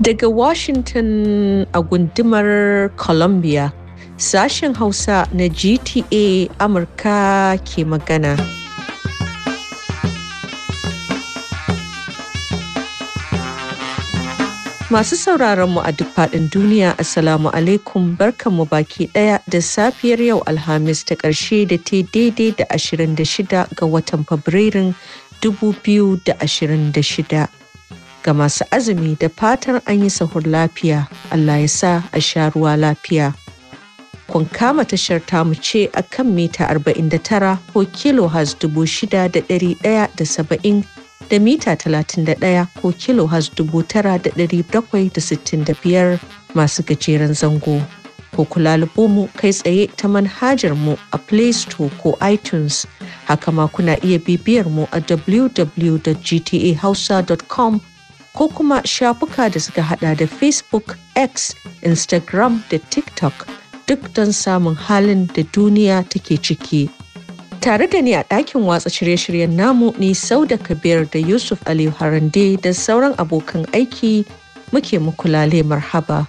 Daga Washington a gundumar Columbia, sashen Hausa na GTA Amurka ke magana. Masu sauraron mu a duk faɗin duniya, Assalamu alaikum barkanmu baki ɗaya da safiyar yau Alhamis ta ƙarshe da ta daidai da 26 ga watan Fabrairun 2026 ga masu azumi da fatan an yi sahur lafiya Allah ya sa a sha ruwa lafiya. Kun kama tashar tamu ce a kan mita 49 ko kilohaz 6,170 da mita 31 ko kilohaz 9,765 masu gajeren zango. ko kula mu kai tsaye ta manhajar mu a Play Store ko iTunes. Haka ma kuna iya bibiyar mu a www.gtahausa.com ko kuma shafuka da suka hada da Facebook, X, Instagram da TikTok duk don samun halin da duniya take ciki. Tare da ni a ɗakin watsa shirye-shiryen namu ni da Kabir da Yusuf Aliyu Harande da sauran abokan aiki muke mukulale marhaba.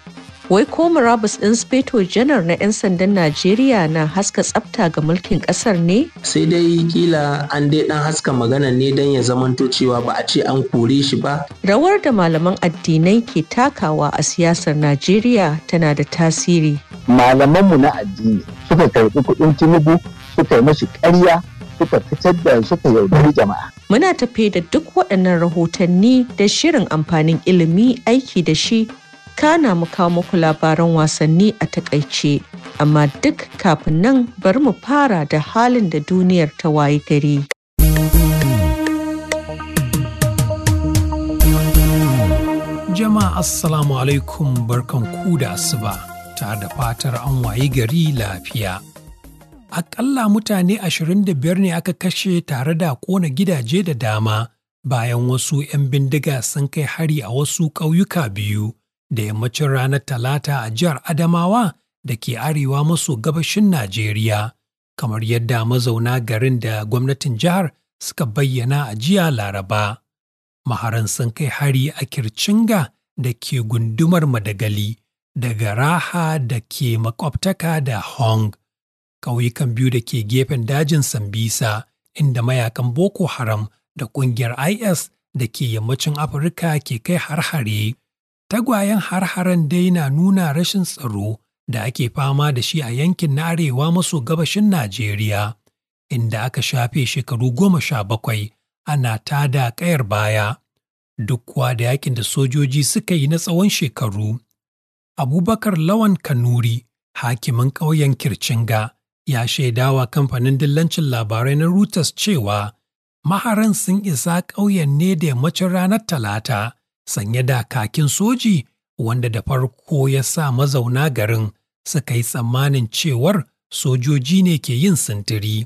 wai ko murabus ɗin speto janar na 'yan sandan najeriya na haska tsafta ga mulkin ƙasar ne sai dai kila an dai ɗan haska magana ne don ya zamanto cewa ba a ce an kore shi ba rawar da malaman addinai ke takawa a siyasar najeriya tana da tasiri malamanmu na addini suka karɓi kuɗin tinubu suka yi mashi ƙarya suka fitar da suka yaudari jama'a. Muna tafe da duk waɗannan rahotanni da shirin amfanin ilimi aiki da shi kana mu kawo muku labaran wasanni a takaice amma duk kafin nan bari mu fara da halin da duniyar ta waye gari. Jama'a Assalamu alaikum barkan ku da asuba ta da fatar an waye gari lafiya. akalla mutane ashirin da biyar ne aka kashe tare da kona gidaje da dama bayan wasu 'yan bindiga sun kai hari a wasu ƙauyuka biyu da yammacin ranar Talata a jihar Adamawa da ke arewa maso gabashin Najeriya, kamar yadda mazauna garin da gwamnatin jihar suka bayyana a jiya Laraba. Maharan sun kai hari a Kircinga da ke gundumar Madagali, daga Raha da ke makwabtaka da Hong, ƙauyukan biyu da ke gefen dajin Sambisa, inda mayakan Boko Haram da ƙungiyar IS da ke yammacin Afirka ke kai har-hare. Tagwayen har-haren dai na nuna rashin tsaro da ake fama da shi a yankin na arewa maso gabashin Najeriya, inda aka shafe shekaru goma sha bakwai ana tada kayar baya, duk kuwa da yakin da sojoji suka yi na tsawon shekaru. Abubakar Lawan Kanuri, hakimin ƙauyen Kircinga, ya shaidawa kamfanin dillancin labarai na Reuters cewa maharan sun isa ƙauyen ne da yammacin ranar Talata sanye da kakin soji wanda da farko ya sa mazauna garin suka yi tsammanin cewar sojoji ne ke yin sintiri.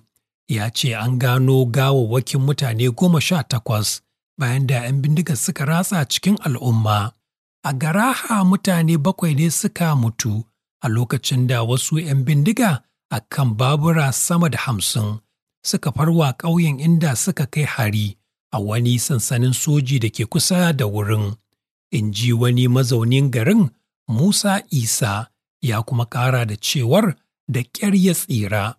Ya ce an gano gawawwakin mutane goma sha takwas bayan da 'yan bindiga suka ratsa cikin al'umma. A garaha mutane bakwai ne suka mutu a lokacin da wasu 'yan bindiga a kan babura sama da hamsin suka farwa ƙauyen inda suka kai hari a wani sansanin soji da ke kusa da wurin. In ji wani mazaunin garin Musa Isa ya kuma ƙara da cewar da ƙyar ya tsira.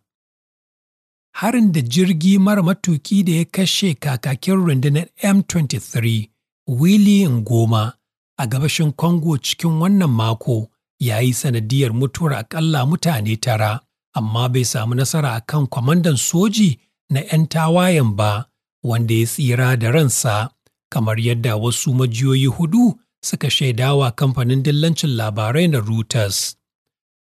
Harin da jirgi mara matuki da ya kashe kakakin rundunar M23 Willy goma, a gabashin Congo cikin wannan mako ya yi sanadiyar mutuwar akalla mutane tara, amma bai samu nasara a kan kwamandan soji na 'yan tawayen ba wanda ya tsira da ransa kamar yadda wasu majiyoyi hudu suka shaidawa kamfanin dillancin labarai na Reuters.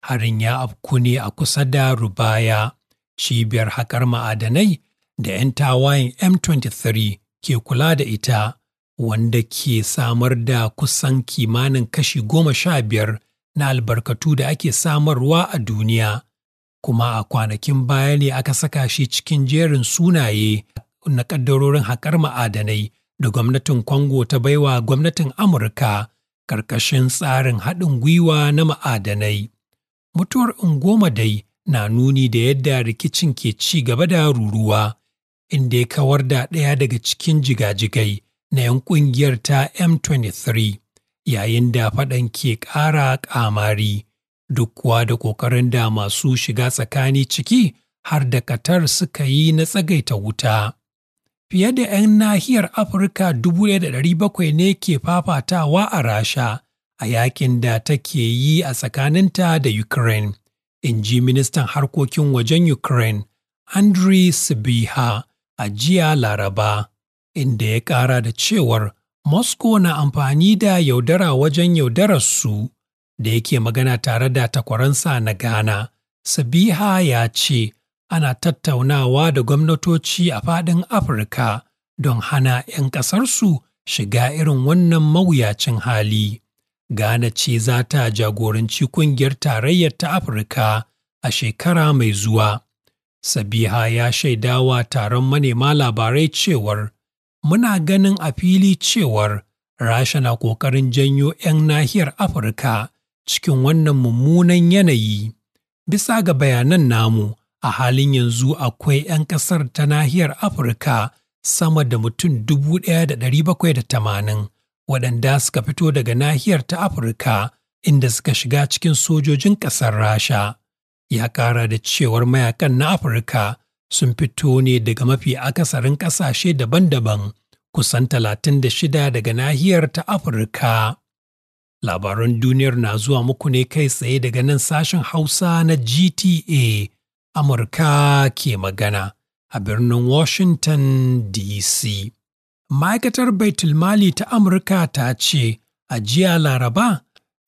Harin ya afku ne a kusa da Rubaya, cibiyar haƙar ma'adanai da 'yan tawayen M23 ke kula da ita, wanda ke samar da kusan kimanin kashi goma sha biyar na albarkatu da ake samarwa a duniya. Kuma a kwanakin baya ne aka saka shi cikin jerin sunaye na ƙaddarorin haƙar ma'adanai da gwamnatin kwango ta baiwa gwamnatin Amurka ƙarƙashin tsarin haɗin gwiwa na ma'adanai. Mutuwar Ngoma dai na nuni da yadda rikicin ke ci gaba da ruruwa, inda ya kawar da ɗaya daga cikin jigajigai na 'yan ƙungiyar ta M23, yayin da faɗan ke ƙara ƙamari, duk kuwa da ƙoƙarin da masu shiga tsakani ciki har da katar suka yi na tsagaita wuta. Fiye da 'yan nahiyar Afirka 1,700 ne ke fafatawa a Rasha a yakin da take yi a tsakaninta da Ukraine, in ji ministan harkokin wajen Ukraine, Andriy Sibiha, a jiya Laraba, inda ya ƙara da cewar Moscow na amfani da yaudara wajen su da yake magana tare da takwaransa na Ghana. Sabiha ya ce ana tattaunawa da gwamnatoci a faɗin Afirka don hana 'yan ƙasarsu shiga irin wannan mawuyacin hali. Ghana ce za ta jagoranci ƙungiyar tarayyar ta Afirka a shekara mai zuwa. Sabiha ya shaidawa taron manema labarai cewar, Muna ganin a fili cewar Rasha na ƙoƙarin janyo 'yan nahiyar Afirka cikin wannan mummunan yanayi. Bisa ga bayanan namu, a halin yanzu akwai 'yan ƙasar ta nahiyar Afirka sama da mutum dubu ɗaya da da ɗari bakwai tamanin waɗanda suka fito daga nahiyar ta Afirka inda suka shiga cikin sojojin ƙasar Rasha. Ya ƙara da cewar mayakan na Afirka sun fito ne daga mafi akasarin ƙasashe daban-daban kusan talatin da shida daga nahiyar ta Afirka. Labaran duniyar na zuwa muku ne kai tsaye daga nan sashen Hausa na GTA. Amurka ke magana a birnin Washington DC. Ma'aikatar Baitulmali ta Amurka ta ce a jiya Laraba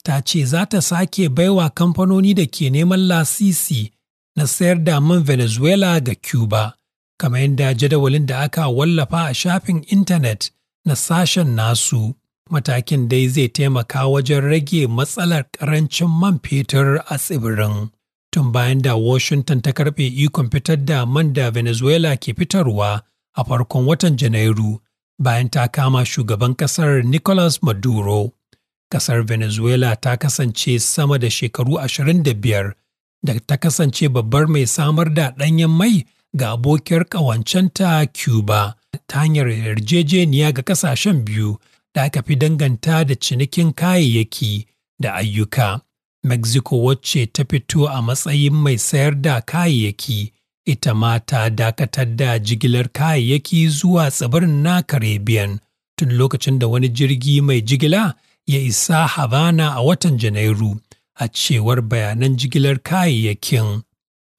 ta ce za ta sake baiwa kamfanoni da ke neman lasisi na sayar da man Venezuela ga Cuba, kamar yadda jadawalin da aka wallafa a shafin intanet na sashen nasu. Matakin dai zai taimaka wajen rage matsalar ƙarancin man fetur a tsibirin. tun bayan da Washington ta karɓe ikon fitar da man da Venezuela ke fitarwa a farkon watan Janairu bayan ta kama shugaban ƙasar Nicolas Maduro. Ƙasar Venezuela ta kasance sama da shekaru 25 da ta kasance babbar mai samar da ɗanyen mai ga abokiyar ƙawancenta Cuba ta hanyar yarjejeniya ga ƙasashen biyu da aka fi danganta da cinikin kayayyaki da ayyuka. Mexico wacce ta fito a matsayin mai sayar da kayayyaki, ita ma ta dakatar da jigilar kayayyaki zuwa tsibirin na Caribbean tun lokacin da wani jirgi mai jigila ya isa Havana a watan Janairu, a cewar bayanan jigilar kayayyakin.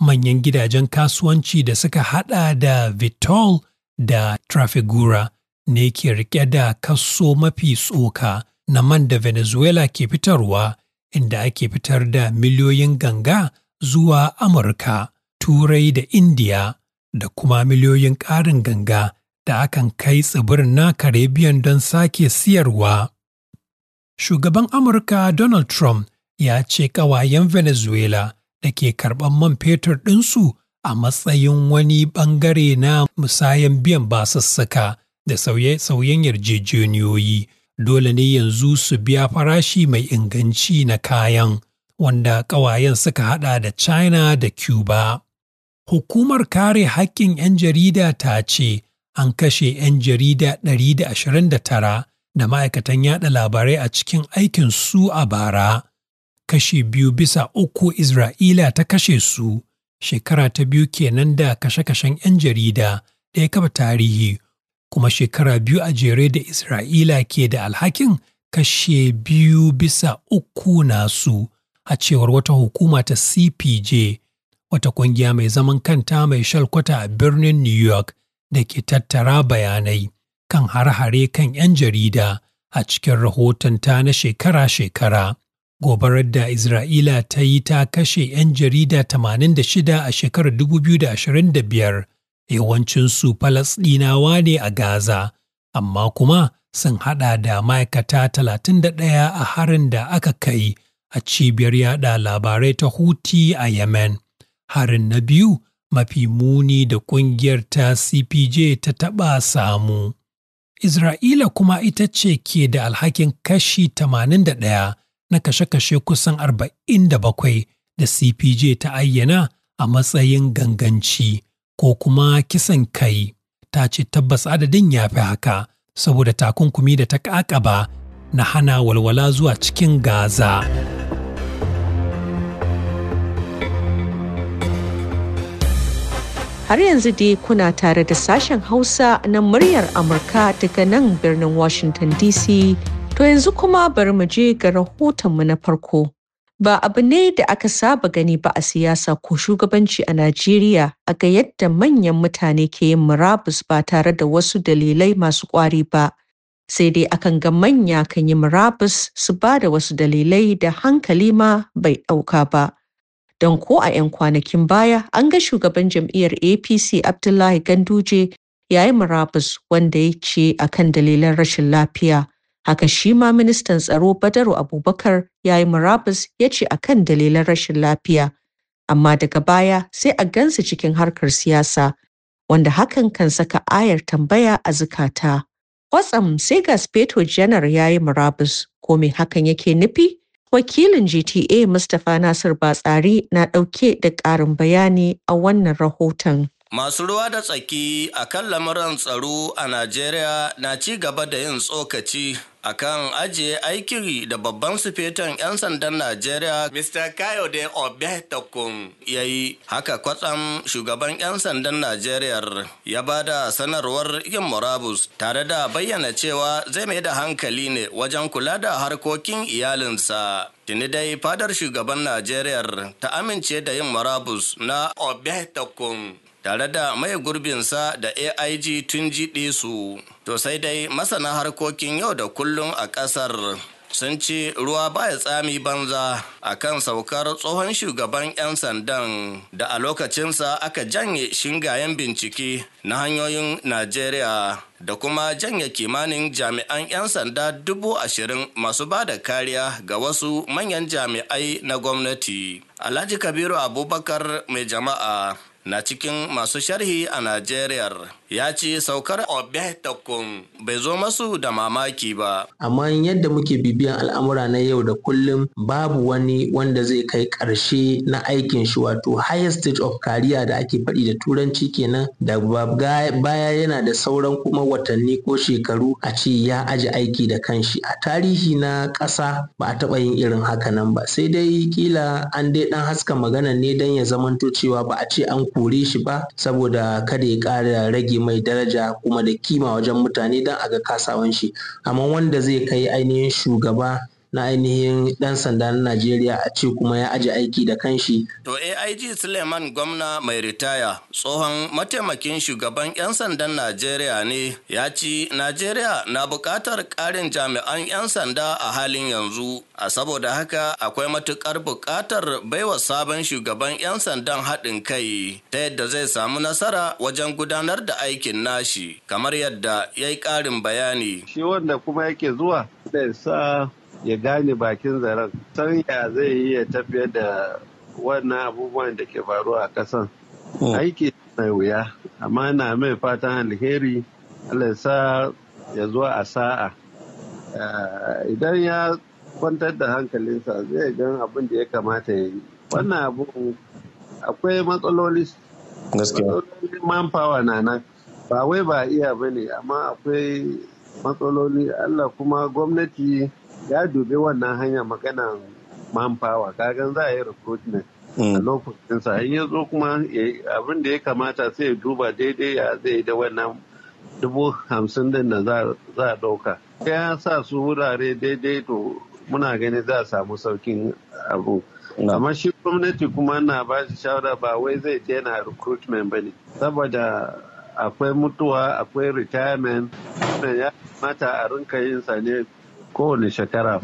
Manyan gidajen kasuwanci da suka hada da Vitol da Trafigura ne ke rike da kaso mafi tsoka na man da Venezuela ke fitarwa. inda ake fitar da miliyoyin ganga zuwa Amurka, Turai da Indiya, da kuma miliyoyin ƙarin ganga da akan kai tsibirin na Caribbean don sake siyarwa. Shugaban Amurka Donald Trump ya ce ƙawayen Venezuela da ke karɓar man fetur ɗinsu a matsayin wani ɓangare na musayan biyan basussuka da sauye-sauyen yarjejeniyoyi dole ne yanzu su biya farashi mai inganci na kayan wanda ƙawayen suka hada da China da Cuba. Hukumar kare haƙƙin 'yan jarida ta ce an kashe 'yan jarida ɗari da da da tara, ma'aikatan yaɗa labarai a cikin aikin su a bara. Kashe biyu bisa uku Isra'ila ta kashe su, shekara ta biyu kenan da kashe-kashen 'yan jarida da ya kafa tarihi kuma shekara biyu a jere da Isra'ila ke da alhakin kashe biyu bisa uku nasu a cewar wata hukuma ta CPJ, wata kungiya mai zaman kanta mai shalkwata a birnin New York da ke tattara bayanai kan har-hare kan 'yan jarida a cikin rahotonta na shekara-shekara. Gobarar da Isra'ila ta yi ta kashe 'yan jarida 86 a shekarar 2025 yawancinsu Falasɗinawa ne a Gaza, amma kuma sun haɗa da ma'aikata talatin da ɗaya a harin da aka kai a cibiyar yada labarai ta Huti a Yemen. Harin na biyu mafi muni da ƙungiyar ta CPJ ta taɓa samu. Isra'ila kuma ita ce ke da alhakin kashi 81 na kashe-kashe kusan arba'in da bakwai da CPJ ta ayyana a matsayin ganganci. ko kuma kisan kai ta ce tabbas adadin ya fi haka saboda takunkumi da ta ƙaƙaba na hana walwala zuwa cikin gaza har yanzu dai kuna tare da sashen hausa na muryar amurka daga nan birnin washington dc to yanzu kuma bari mu je ga rahotonmu na farko ba abu ne da aka saba gani ba a siyasa ko shugabanci a Najeriya a ga yadda manyan mutane ke yin murabus ba tare da wasu dalilai masu ƙwari ba. Sai dai akan ga manya kan yi murabus su ba da wasu dalilai da hankali ma bai ɗauka ba. Don ko a 'yan kwanakin baya an ga shugaban jam'iyyar APC Abdullahi Ganduje ya yi murabus wanda ya ce akan dalilan rashin lafiya. Haka shi ma ministan tsaro Badaru Abubakar ya yi murabus ya ce a kan dalilan rashin lafiya. Amma daga baya sai a gansu cikin harkar siyasa, wanda hakan kan saka ayar tambaya a zukata. Kwatsam sai ga Speto Janar ya yi murabus, ko me hakan yake nufi? Wakilin GTA Mustapha Nasir Batsari na ɗauke da ƙarin bayani a wannan rahoton. Masu ruwa da tsaki a kan lamuran tsaro a Najeriya na ci gaba da yin tsokaci akan ajiye aikiri da babban sufetan 'yan sandan Najeriya Mr. Kayode Obetokun ya yi haka kwatsam shugaban 'yan sandan Najeriya ya ba da sanarwar yin murabus tare da bayyana cewa zai mai da hankali ne wajen kula da harkokin iyalinsa. Tuni dai fadar shugaban Najeriya ta amince da yin murabus na Obetokun tare da mai gurbinsa da aig tun jiɗe su to sai dai masana harkokin yau da kullum a ƙasar sun ce ruwa baya tsami banza a kan saukar tsohon shugaban 'yan sandan da a lokacinsa aka janye shingayen bincike na hanyoyin najeriya da kuma janye kimanin jami'an 'yan sanda dubu ashirin masu ba da kariya ga wasu manyan jami'ai na gwamnati alhaji kabiru abubakar mai jama'a na cikin masu sharhi a Najeriya. ya ce saukar obiahtakun bai zo masu da mamaki ba. Amma yadda muke bibiyan al'amura na yau da kullum babu wani wanda zai kai karshe na aikin shi wato highest stage of career da ake faɗi da turanci kenan da baya yana da sauran kuma watanni ko shekaru a ce ya aji aiki da kanshi a tarihi na ƙasa ba a taɓa yin irin haka nan ba sai dai kila an dai ɗan haska magana ne don ya zamanto cewa ba a ce an kore shi ba saboda kada ya ƙara rage mai daraja kuma da kima wajen mutane don a ga kasawan shi amma wanda zai kai ainihin shugaba na ainihin ɗan sanda na Najeriya a ce kuma ya aji aiki da kanshi. To AIG Suleiman gwamna mai ritaya tsohon mataimakin shugaban 'yan sandan Najeriya ne ya ci Najeriya na buƙatar ƙarin jami'an 'yan sanda a halin yanzu. A saboda haka akwai matuƙar buƙatar baiwa sabon shugaban 'yan sandan haɗin kai ta yadda zai samu nasara wajen gudanar da aikin nashi kamar yadda ya yi ƙarin bayani. Shi wanda kuma yake zuwa sa ya gane bakin zaren san ya zai yi ya tafiyar da wannan abubuwan da ke faruwa a ƙasan hmm. aiki mai wuya amma na mai fatan alheri Allah sa ya zo a sa'a eh, idan ya kwantar da hankalinsa zai gan abin da ya kamata ya yi wannan abu akwai matsaloli manpower na nan ba wai ba iya bane amma akwai matsaloli Allah kuma gwamnati ya dubi wannan hanya man manpower kagan za a yi recruitment a mm. lokacin sa in ya zo kuma eh, abin da ya kamata sai ya duba daidai ya zai da wannan dubu hamsin din da za a ɗauka ya sa su wurare daidai to muna gani za a samu saukin abu mm. amma shi gwamnati kuma na ba shi shawara ba wai zai daina recruitment ba ne saboda akwai mutuwa akwai retirement ya kamata a rinka yin sa ne kowane shekara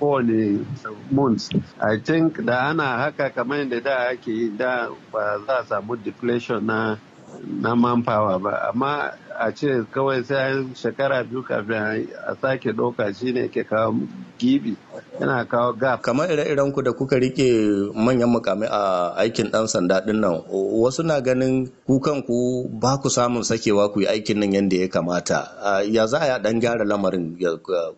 kowane months i think da ana haka kamar yadda da ake yi da ba za a samu deflation na na manpower ba amma a ce kawai sai shekara biyu kafin a sake ɗauka shine ke kawo gibi yana kawo gap kamar ire-iren ku da kuka rike manyan mukamai a aikin ɗan sanda din nan wasu na ganin ku kanku ba ku samun sakewa ku yi aikin nan yadda ya kamata ya za a ɗan gyara lamarin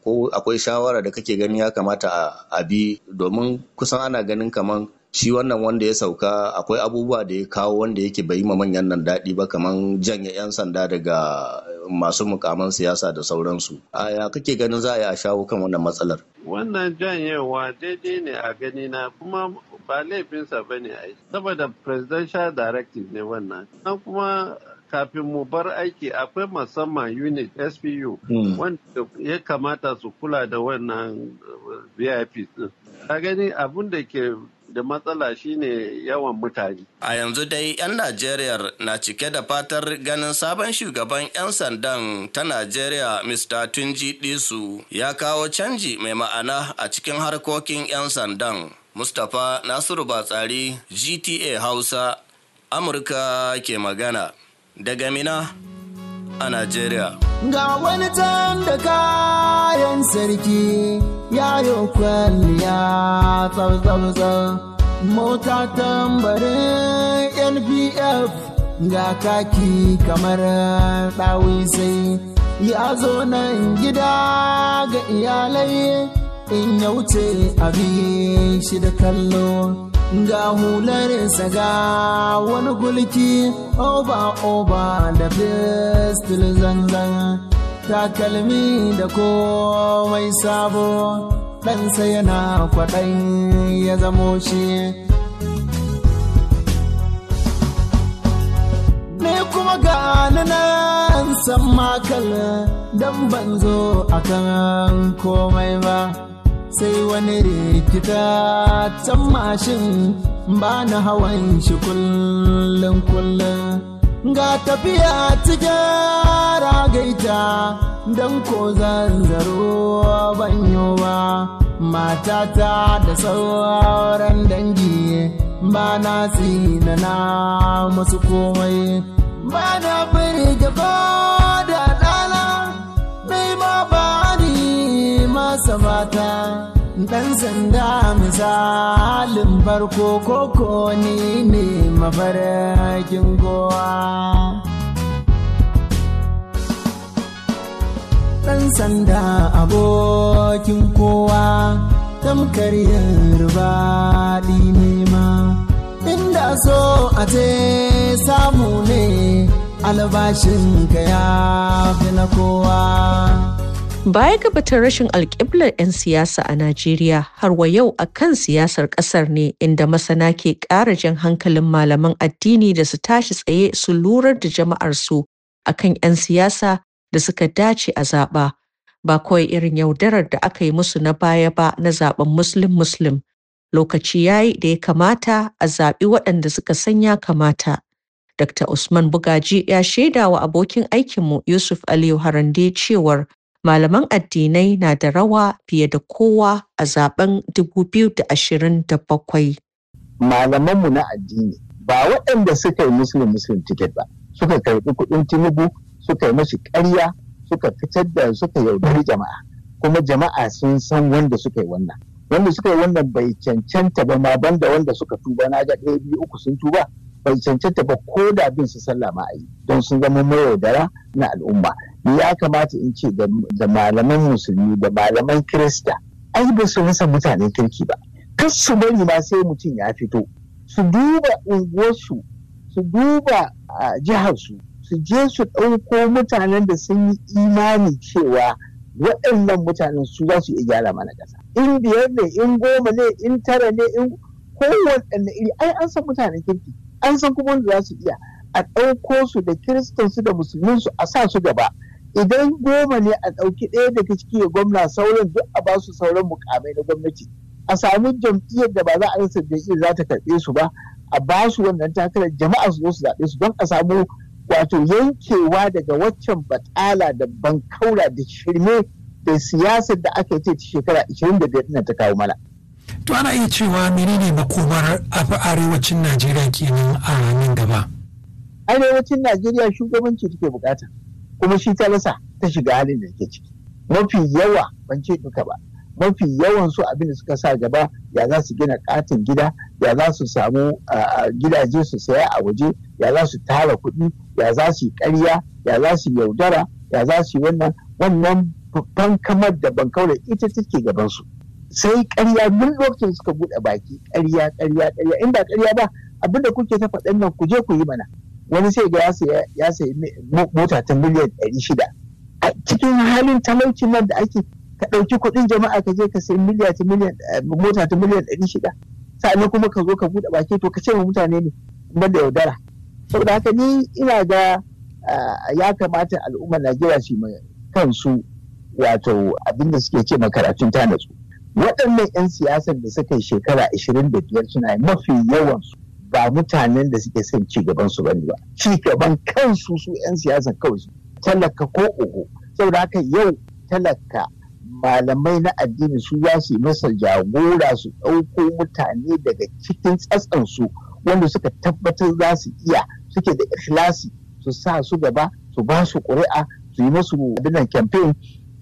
ko akwai shawara da kake gani ya kamata a bi domin kusan ana ganin kamar shi wannan wanda ya sauka akwai abubuwa da ya kawo wanda yake bai ma manyan nan daɗi ba kaman janye 'yan sanda daga masu mukaman siyasa da sauransu a ya kake ganin za a yi shawo kan wannan matsalar wannan janyewa daidai ne a gani na kuma ba laifinsa ba ne aiki saboda presidential directive ne wannan nan kuma kafin mu bar aiki akwai musamman unit spu hmm. wanda ya kamata su kula da wannan vip ɗin. a gani abun da ke da matsala shine yawan mutane. A yanzu dai 'yan Najeriya na cike da fatar ganin sabon shugaban 'yan sandan ta Najeriya Mr. Tunji Disu ya kawo canji mai ma'ana a cikin harkokin 'yan sandan. Mustapha Nasiru Batsari GTA Hausa Amurka ke magana daga Mina a Najeriya. Ga wani can da kayan sarki. yayo kwalliya tsabtsabtsab mota tambarin npf ga kaki kamar ɗawisai ya zo nan gida ga iyalai in ya wuce abi shi da kallo ga hular ga wani gulki oba oba da fistil zanzan takalmi da komai sabo ɗansa yana kwaɗayin ya zamo shi ne kuma ga nan san makal don ban zo a kan komai ba sai wani rikita can mashin ba na hawan shi kullum kullum ga tafiya cikin gaita don ko zanzaro banyo ba matata da sauran dangi ba na tsina na masu komai ba na birge ko da ɗana bai ma ba ni masa mata dan sanda misalin barko koko ni ne mafarkin gowa dan sanda abokin kowa tamkar yarbaɗi ne ma inda so a ce samu ne ka ya fi na kowa Baya ga rashin alƙiblar 'yan siyasa a Najeriya har wa yau a kan siyasar ƙasar ne inda masana ke ƙara jan hankalin malaman addini da su tashi tsaye su lurar da jama'arsu a kan 'yan siyasa da suka dace a zaɓa. Ba kawai irin yaudarar da aka yi musu na baya ba na zaɓen Muslim-Muslim. Lokaci ya yi da ya kamata a zaɓi waɗanda suka san ya kamata. Dr. Usman Bugaji ya shaidawa abokin aikinmu Yusuf Aliyu Harande cewar malaman addinai na da rawa fiye da kowa a zaben 2027. Malamanmu na addini ba waɗanda suka yi musulun musulun ticket ba suka karɓi kuɗin tinubu suka yi mashi ƙarya suka fitar da suka yaudari jama'a kuma jama'a sun san wanda suka yi wannan wanda suka yi wannan bai cancanta ba ma banda wanda suka tuba na ga ɗaya biyu uku sun tuba bai cancanta ba ko da bin su sallah ma don sun zama mayaudara na al'umma ya kamata in ce da malaman musulmi da malaman kirista ai ba su rasa mutanen kirki ba kas su bari ma sai mutum ya fito su duba unguwarsu su duba jiharsu su je su ɗauko mutanen da sun yi imani cewa waɗannan mutanen su za su iya gyara mana ƙasa in biyar ne in goma ne in tara ne in kowanne iri ai an san mutanen kirki an san kuma wanda za su iya a ɗauko su da kiristansu da musulminsu a sa su gaba idan goma ne a ɗauki ɗaya daga ciki ya gwamna sauran duk a ba su sauran mukamai na gwamnati a samu jam'iyyar da ba za a rasa jam'iyyar za ta karɓe su ba a ba su wannan takarar jama'a su zo su zaɓe su don a samu wato yankewa daga waccan batala da bankaura da shirme da siyasar da aka yi ta shekara 25 nan ta kawo mana. To ana iya cewa menene makomar arewacin Najeriya kenan a nan gaba. Arewacin Najeriya shugabanci take bukata. kuma shi talasa ta shiga halin da take ciki mafi yawa ban ce duka ba mafi yawan su abin da suka sa gaba ya za su gina katin gida ya za su samu gidaje su saya a waje ya za su tara kuɗi ya za su yi ƙarya ya za su yaudara ya za su yi wannan wannan babban kamar da bankaura ita take gaban su sai ƙarya duk lokacin suka buɗe baki ƙarya ƙarya ƙarya in ba ƙarya ba abin da kuke ta faɗin nan ku je ku yi mana wani sai ga ya sayi mota ta miliyan ɗari a cikin halin talauci nan da ake ka ɗauki kuɗin jama'a ka je ka sayi eh, mota ta miliyan ɗari shida sannan kuma ka zo ka buɗe baki to ka ce wa mutane ne ban da yaudara saboda haka ni ina ga eh, ya kamata al'ummar najeriya su kansu wato abinda suke ce makaratun ta natsu waɗannan 'yan siyasar da suka yi shekara 25 suna mafi yawan su ba mutanen da suke son ci gaban su bane ba ci gaban kansu su 'yan siyasa kawai talaka ko ogo saboda haka yau talaka malamai na addini su za su yi masa jagora su ɗauko mutane daga cikin su, wanda suka tabbatar za su iya suke da ikhlasi su sa su gaba su ba su ƙuri'a su yi masu abinan campaign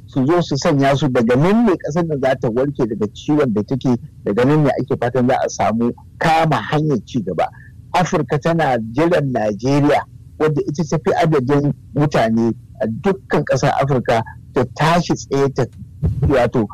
su zo su sanya su daga nan ne kasar da za ta warke daga ciwon da take daga nan ne ake fatan za a samu kama hanyar ci gaba afirka tana jiran najeriya wadda ita ta fi adadin mutane a dukkan ƙasar afirka ta tashi tsaye ta wato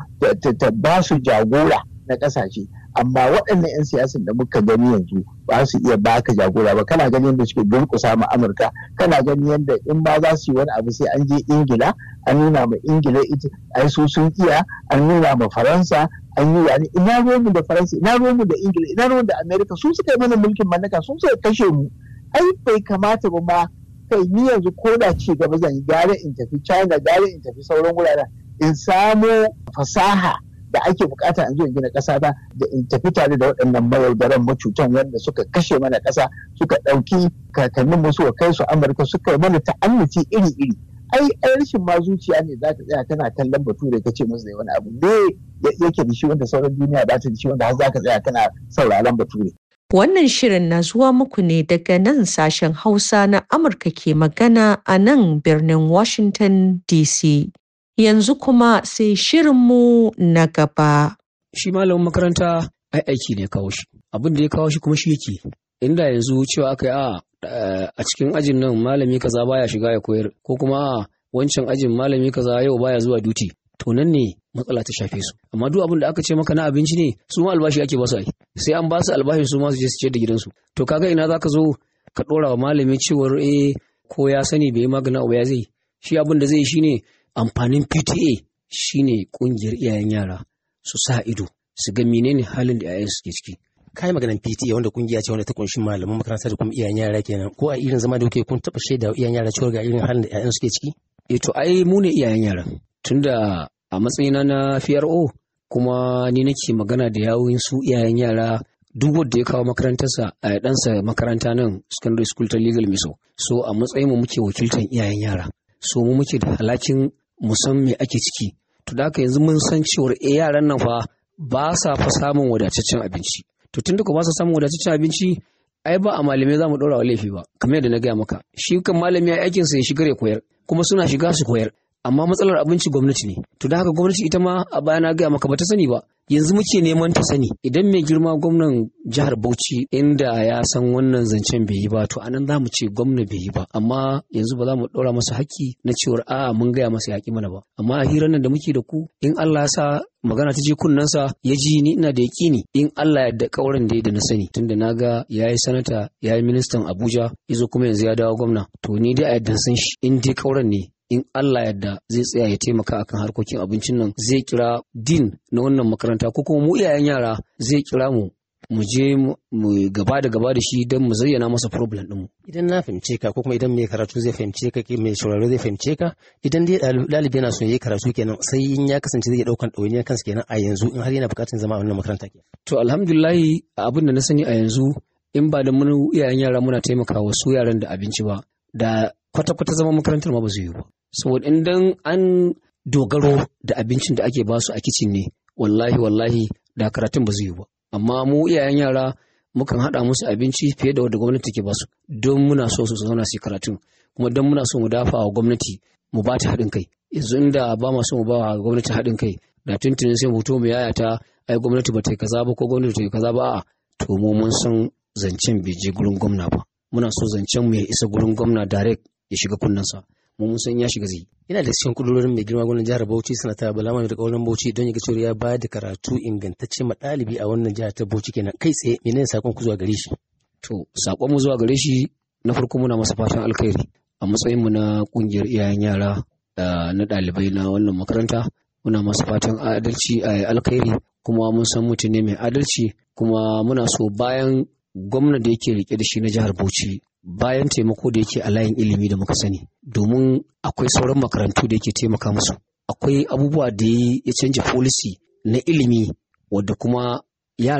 ta ba su jagora na ƙasashe amma waɗannan 'yan siyasan da muka gani yanzu ba su iya baka jagora ba kana ganin yadda suke durƙusa ma amurka kana ganin yadda in ba za su yi wani abu sai an je ingila an nuna ma ingila ita ai su sun iya an nuna ma faransa an yi wani ina ruwanmu da faransa ina ruwanmu da ingila ina ruwan da amerika su suka yi mana mulkin mallaka su suka kashe mu ai bai kamata ba ma kai ni yanzu ko da ci gaba zan yi gare in tafi china gare in tafi sauran wuraren in samo fasaha da ake bukata in zo in gina kasa ta da in tafi tare da waɗannan mayaudaran macutan wanda suka kashe mana kasa suka ɗauki kakannin musu wa kai su Amurka suka yi mana ta'annuci iri-iri ai ai rashin ma zuciya ne za ta tsaya kana kallon bature ka ce musu da wani abu ne yake da shi wanda sauran duniya ba ta da shi wanda har za ka tsaya kana sauraron bature Wannan shirin na zuwa muku ne daga nan sashen Hausa na Amurka ke magana a nan birnin Washington DC. Yanzu kuma sai shirinmu na gaba. Shi malamin makaranta ai aiki ne kawo shi. Abin da ya kawo shi kuma shi yake. Inda yanzu cewa aka yi a ah, eh, a cikin ajin nan malami kaza baya shiga ya koyar ko kuma a ah, wancan ajin malami kaza yau baya zuwa duti. To nan ne matsala ta shafe su. Amma duk abin da aka ce maka na abinci ne su ma albashi ake basu ai. Sai an basu albashi su ma su je su ciyar da gidansu. To kaga ina za ka zo ka ɗora wa malami cewar eh ko ya sani bai yi maganin abu ya zai. Shi abin da zai yi ne. amfanin PTA shine ƙungiyar iyayen yara su sa ido su ga menene halin da 'ya'yansu ke ciki. kai maganar PTA wanda kungiya ce wanda ta kunshi malaman makaranta da kuma iyayen yara kenan ko a irin zama da kuke kun taba shaida iyayen yara cewa ga irin halin da iyayen suke ciki E to ai mu ne iyayen yara tunda a matsayina na FRO? kuma ni nake magana da yawun su iyayen yara duk wanda ya kawo makarantarsa a ɗansa makaranta nan secondary school ta legal miso so a matsayin mu muke wakiltar iyayen yara so mu muke da halakin musan mai me ake ciki to da yanzu mun san cewar e yaran nan fa ba sa fa samun wadataccen abinci to tun da ba sa samun wadataccen abinci ai ba a malamai za mu ɗora wa laifi ba kamar yadda na gaya maka shi kan malami ya aikin sa ya shigar ya koyar kuma suna shiga su koyar amma matsalar abinci gwamnati ne to da haka gwamnati ita ma a baya na gaya maka ba ta sani ba yanzu muke neman ta sani idan mai girma gwamnan jihar Bauchi inda ya san wannan zancen bai yi ba to anan za mu ce gwamna bai yi ba amma yanzu ba za mu ɗora masa haƙƙi na cewar a mun gaya masa yaƙi mana ba amma a hirar nan da muke da ku in Allah ya sa magana ta je sa ya ji ni ina da yaƙini in Allah ya da ƙaurin da na sani tunda na ga ya yi sanata ya yi ministan Abuja izo kuma yanzu ya dawo gwamna to ni dai a yadda san shi in dai ƙaurin ne in Allah yadda zai tsaya ya taimaka akan harkokin abincin nan zai kira din na wannan makaranta ko kuma mu iyayen yara zai kira mu mu je mu gaba da gaba da shi don mu zayyana masa problem mu. Idan na fahimce ka ko kuma idan mai karatu zai fahimce ka mai sauraro zai fahimce ka idan dai ɗalibi yana son yayi karatu kenan sai in ya kasance zai ɗaukan ɗawainiyar kansa kenan a yanzu in har yana buƙatar zama a wannan makaranta kenan. To alhamdulillahi abin da na sani a yanzu in ba da mun iyayen yara muna taimakawa su yaran da abinci ba da kwata-kwata zama makarantar ma ba zai yi ba saboda idan an dogaro da abincin da ake su a kicin ne wallahi wallahi da karatun ba zai yi ba amma mu iyayen yara mukan haɗa musu abinci fiye da wanda gwamnati ke ba su don muna so su zauna su karatun kuma don muna so mu dafa wa gwamnati mu ba ta haɗin kai yanzu inda ba ma so mu ba wa gwamnati haɗin kai da tuntunin sai mu yaya mu yayata ai gwamnati ba ta yi kaza ba ko gwamnati ta yi kaza ba a'a to mu mun san zancen bai je gurin gwamna ba muna so zancen mu ya isa gurin gwamna direct ya shiga sa mu mun san ya shiga zai yana da cikin kudurorin mai girma gwamnatin jihar Bauchi suna ta balama da kauran Bauchi don ya ga cewa ya ba da karatu ingantacce ma dalibi a wannan jihar ta Bauchi kenan kai tsaye menene sakon ku zuwa gare shi to sakon mu zuwa gare shi na farko muna masa fatan alkhairi a matsayin mu na kungiyar iyayen yara na dalibai na wannan makaranta muna masa fatan adalci a alkhairi kuma mun san mutum ne mai adalci kuma muna so bayan gwamna da yake rike da shi na jihar Bauchi bayan taimako da yake a layin ilimi da muka sani domin akwai sauran makarantu da yake taimaka musu akwai abubuwa da ya canja folisi na ilimi wadda kuma yaran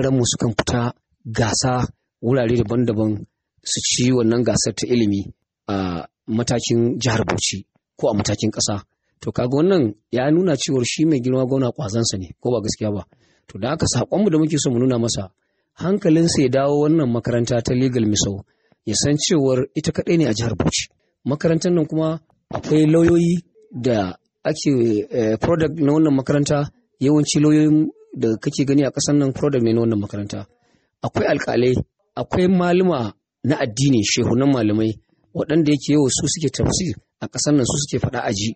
yaranmu sukan fita gasa wurare daban-daban su ci wannan gasar ta ilimi a matakin jihar Bauchi ko a matakin ƙasa. To kaga wannan ya nuna cewa shi mai girma gwamna kwazansa ne ko ba gaskiya ba. To da haka sakonmu da muke so mu nuna masa hankalinsa ya dawo wannan makaranta ta legal misau ya san cewar ita kaɗai ne a jihar Bauchi. Makarantar nan kuma akwai lauyoyi da ake eh, product na wannan makaranta yawanci lauyoyin da kake gani a ƙasar nan product ne na wannan makaranta. Akwai alƙalai, akwai malama na addini shehunan malamai waɗanda yake yau su suke tafsir a ƙasar nan su suke faɗa aji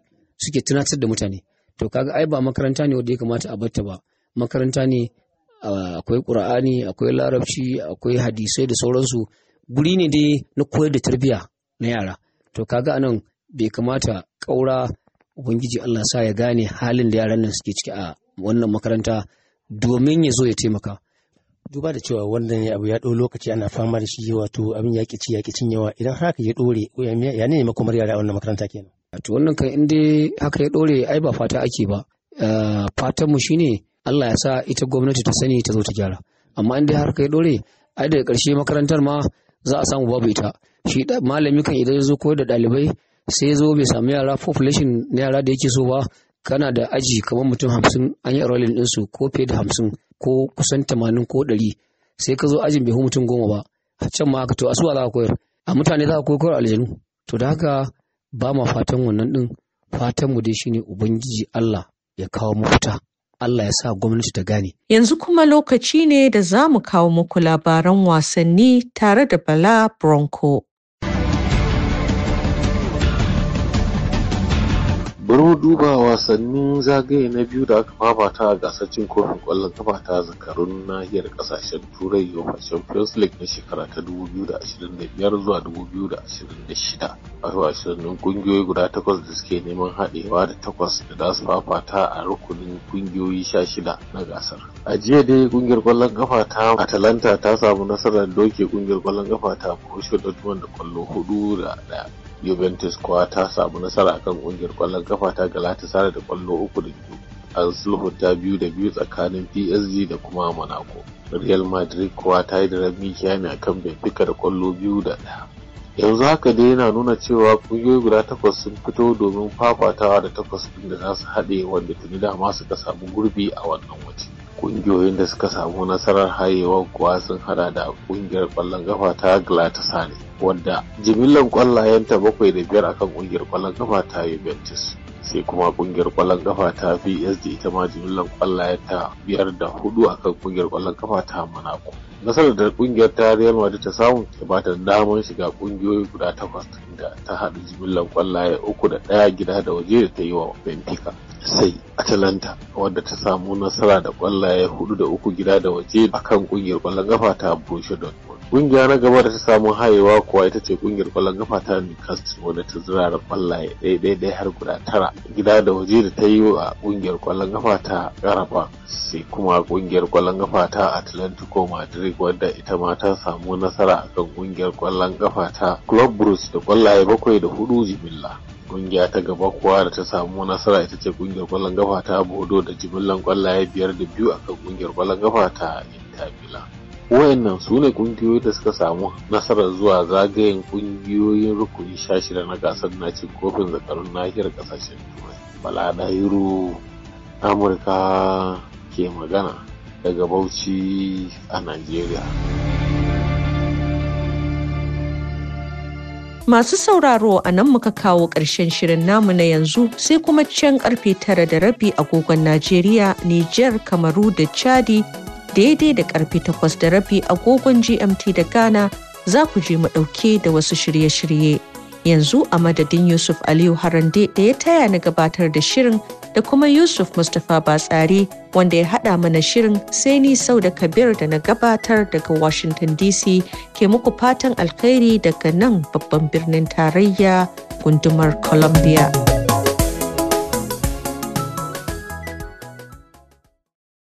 suke tunatar da mutane. To kaga ai ba makaranta ne wanda ya kamata a batta ba. Makaranta ne akwai ƙura'ani, akwai larabci, akwai hadisai da sauransu. guri ne dai na koyar da tarbiyya na yara to kaga anan bai kamata ƙaura ubangiji Allah sa ya gane halin da yaran nan suke ciki a wannan makaranta domin ya zo ya taimaka duba da cewa wannan abu ya ɗau lokaci ana fama da shi wato abin ya ƙici ya yawa idan haka ya ɗore ya ne makomar yara a wannan makaranta kenan to wannan kan in dai haka ya ɗore ai ba fata ake ba eh, fatan mu shine Allah ya sa ita gwamnati ta sani ta zo ta gyara amma in dai haka ya ɗore ai daga ƙarshe makarantar ma za a samu babu ita shi malami kan idan ya zo koyar da ɗalibai sai zo bai samu yara population na yara da yake so ba kana da aji kamar mutum hamsin an yi enrolling ɗinsu ko fiye da hamsin ko kusan tamanin ko ɗari sai ka zo ajin bai hu mutum goma ba a can ma to a suwa za a koyar a mutane za a koyar aljanu to da haka ba ma fatan wannan ɗin fatan mu dai shine ubangiji Allah ya kawo mafita Allah ya sa gwamnati ta gane. Yanzu kuma lokaci ne da za mu kawo muku labaran wasanni tare da Bala Bronco. Bari mu duba wasannin zagaye na biyu da aka fafata a gasar cin kofin ƙwallon kafa ta zakarun nahiyar ƙasashen Turai UEFA Champions League na shekara ta 2025 zuwa 2026. Wato ashirin ƙungiyoyi guda takwas da suke neman haɗewa da takwas da za su fafata a rukunin ƙungiyoyi sha shida na gasar. A jiya dai ƙungiyar ƙwallon kafa ta Atalanta ta samu nasarar doke ƙungiyar ƙwallon kafa ta Borussia Dortmund da kwallo hudu da ɗaya. Juventus kuwa ta samu nasara akan kungiyar kwallon kafa ta Galatasaray da kwallo uku da biyu. An sulhunta biyu da biyu tsakanin PSG da kuma Monaco. Real Madrid kuwa ta yi da rami kyami akan Benfica da kwallo biyu da ɗaya. yanzu haka dai yana nuna cewa kungiyoyi guda takwas sun fito domin fafatawa da takwas ɗin da za su haɗe wanda tuni dama suka samu gurbi a wannan waje kungiyoyin da suka samu nasarar hayewan kuwa sun hada da kungiyar kwallon kafa ta glatasane wadda jimillan kwallayenta bakwai da biyar akan kungiyar kwallon kafa ta juventus sai kuma kungiyar kwallon kafa ta vsd ita ma jimillar kwallaye ta biyar da hudu akan kungiyar kwallon kafa ta monaco nasarar da kungiyar ta real madrid ta samu ke ba ta damar shiga kungiyoyi guda takwas da ta haɗa jimillar kwallaye uku da ɗaya gida da waje da ta yi wa benfica sai atalanta wadda ta samu nasara da kwallaye hudu da uku gida da waje akan kungiyar kwallon kafa ta borussia dortmund Ƙungiya na gaba da ta samu hayewa kuwa ita ce ƙungiyar ƙwallon kafa ta Newcastle wadda ta zira da ƙwallaye ɗaya-ɗaya har guda tara gida da waje da ta yi wa ƙungiyar kwallon kafa ta Garaba sai kuma ƙungiyar kwallon kafa ta Atlantico Madrid wadda ita ma ta samu nasara kan ƙungiyar kwallon kafa ta Club Brugge da kwallaye bakwai da hudu jimilla. kungiya ta gaba kuwa da ta samu nasara ita ce kungiyar kwallon gafa ta bodo da jimillan kwallaye biyar da biyu akan kungiyar kwallon gafa ta intabila wayannan su ne kungiyoyi da suka samu nasarar zuwa zagayen kungiyoyin rukuni sha shida na gasar na cin kofin zakarun nahiyar kasashen turai bala dahiru amurka ke magana daga bauchi a nigeria Masu sauraro a nan muka kawo ƙarshen shirin namu na yanzu sai kuma can karfe tara da rabi agogon Najeriya, Nijar, Kamaru da Chadi daidai da karfe takwas da rabi agogon gmt da ghana za ku je mu ɗauke da wasu shirye-shirye yanzu a madadin yusuf aliyu harande da ya taya na gabatar da shirin da kuma yusuf mustapha batsari wanda ya haɗa mana shirin sai ni sau da kabir da na gabatar daga washington dc ke muku fatan alkhairi daga nan babban birnin tarayya gundumar columbia.